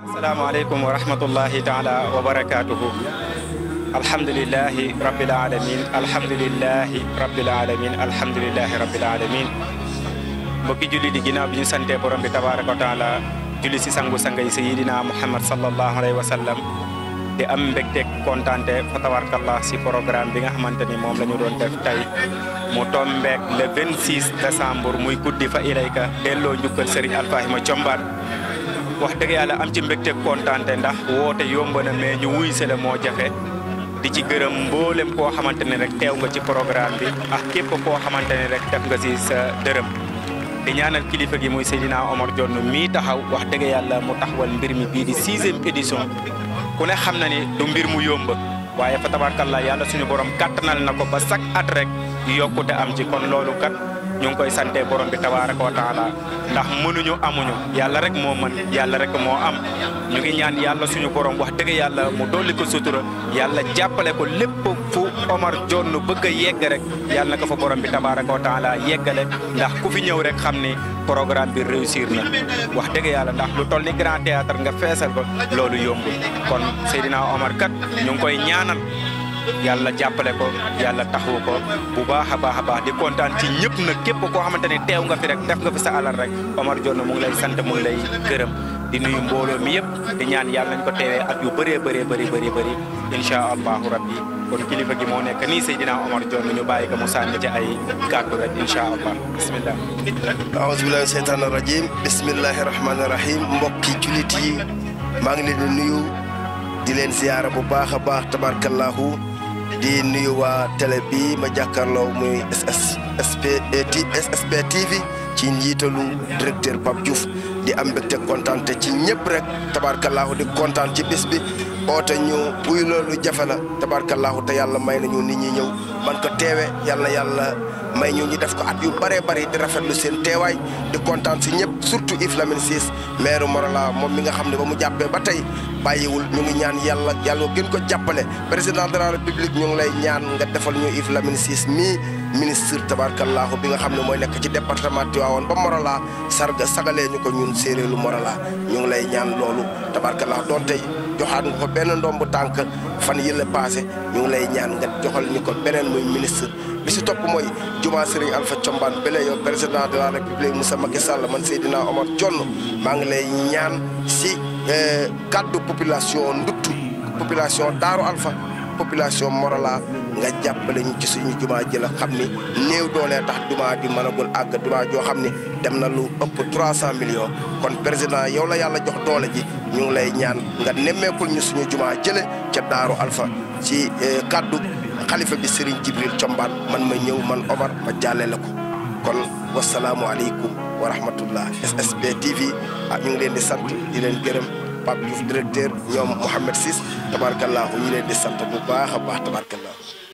asalaamaaleykum wa rahmatullahi taala wa barakaatuhu alhamdulilahi rabbil alamin alhamdulilahi rabbil alamin alhamdulilahi rabbil alamin mbokki julli di ginnaaw bi ñu sante borom bi tabaraka wa taala julli si sangu sangay sayidina muhammad sallallahu alayhi wa di am mbégteeg kontaante fa tabarkallah si programme bi nga xamante ni moom la doon def tey mu tombeek le 26 décembre muy guddi fa ilayka delloo njukkal Serigne Alfahima Thiombane wax dëgg yàlla am ci mbégte kontante ndax woote yomb na mais ñu wuy sele moo jafe di ci gërëm mboolem koo xamante ne rek teew nga ci programme bi ak képp koo xamante ne rek def nga si sa dërëm di ñaanal kilifa gi muy Seydina Omar Jonn mii taxaw wax dëgg yàlla mu wal mbir mi bii di sixième édition ku ne xam na ni du mbir mu yomb waaye fa laa yàlla suñu borom kattanal na ko ba chaque at rek yokkute am ci kon loolu kat ñu ngi koy sante borom bi tabaaraka wa taala ndax mënuñu amuñu yàlla rek moo mën yàlla rek moo am ñu ngi ñaan yàlla suñu borom wax dëgg yàlla mu dolli ko sutura yàlla jàppale ko lépp fu Omar Jonn bëgg a yegg rek yàlla na ko fa borom bi tabaaraka wa taala yeggale ndax ku fi ñëw rek xam ni programme bi réussir na wax dëgg yàlla ndax lu toll ni grand théâtre nga feesal ko loolu yombul kon Seydina Omar kat ñu ngi koy ñaanal yàlla jàppale ko yàlla taxawu ko bu baax a baax a baax di kontaan ci ñëpp nag képp koo xamante ne teew nga fi rek def nga fi sa alal rek Omar Dione mu ngi lay sant mu ngi lay gërëm di nuyu mbooloo mi yëpp di ñaan yàlla nañ ko teewee at yu bëree bëree bëri bëri allahu rabbi kon kilifa gi moo nekk nii Seydina Omar Dione ñu bàyyi ko mu sànni ci ay kàddu rek incha allah bisimilah. aouzu billahi seytaani rajim bismillahi rahmaani rahim mbokki julit yi maa ngi leen di nuyu di leen a di nuyu waa télé bi ma jàkkaarloo muy SSP TV ci njiitalu directeur Pape Diouf di am mbégte kontaan te ci ñëpp rek tabarkalaahu di kontaan ci bis bi oote ñu buy loolu jafe na tabarkalaahu te yàlla may na ñu nit ñi ñëw man ko teewe yàlla yàlla may ñu ñu def ko at yu bëree bëri di rafetlu seen teewaay di kontaan si ñëpp surtout Yves Lamine Ciss maire Morolan moom mi nga xam ne ba mu jàppee ba tey bàyyiwul ñu ngi ñaan yàlla yàlla gën ko jàppale président de la république ñu ngi lay ñaan nga defal ñu Yves Lamine Ciss mii ministre tabarkallahu bi nga xam ne mooy nekk ci département Tivaouane ba Morolan sarga sagalee ñu ko ñun séeréelu Morolan ñu ngi lay ñaan loolu tabarkallahu donte joxaat nga ko benn ndombu tànk fan yële passé ñu ngi lay ñaan nga joxal ñu ko beneen muy ministre bi si topp mooy jumaa Serigne Alpha Thiombane Bélé yow président de la république Moussa Macky Sall man Seydina Omar Dione maa ngi lay ñaan si eh, kàddu population nduttu population Daaru alfa population Morola nga jàppale ñu ci suñu jumaa ji la xam ni néew doolee tax jumaa di mënagul àgg jumaa joo xam ni dem na lu ëpp 300 million kon président yow la yàlla jox doole ji ñu ngi lay ñaan nga nemmeekul ñu suñu jumaa jële ca Daaru Alpha ci eh, kàddu xalifa bi Serigne Jibril Combaan man ma ñëw man Omar ma jàllale ko kon wasalaamualeykum wa rahmatullah SSB TV ah ñu ngi leen di sant di leen gërëm Pape Diouf directeur ñoom Mouhamed Ciss tabarkallahu ñu leen di sant bu baax a baax tabarkallahu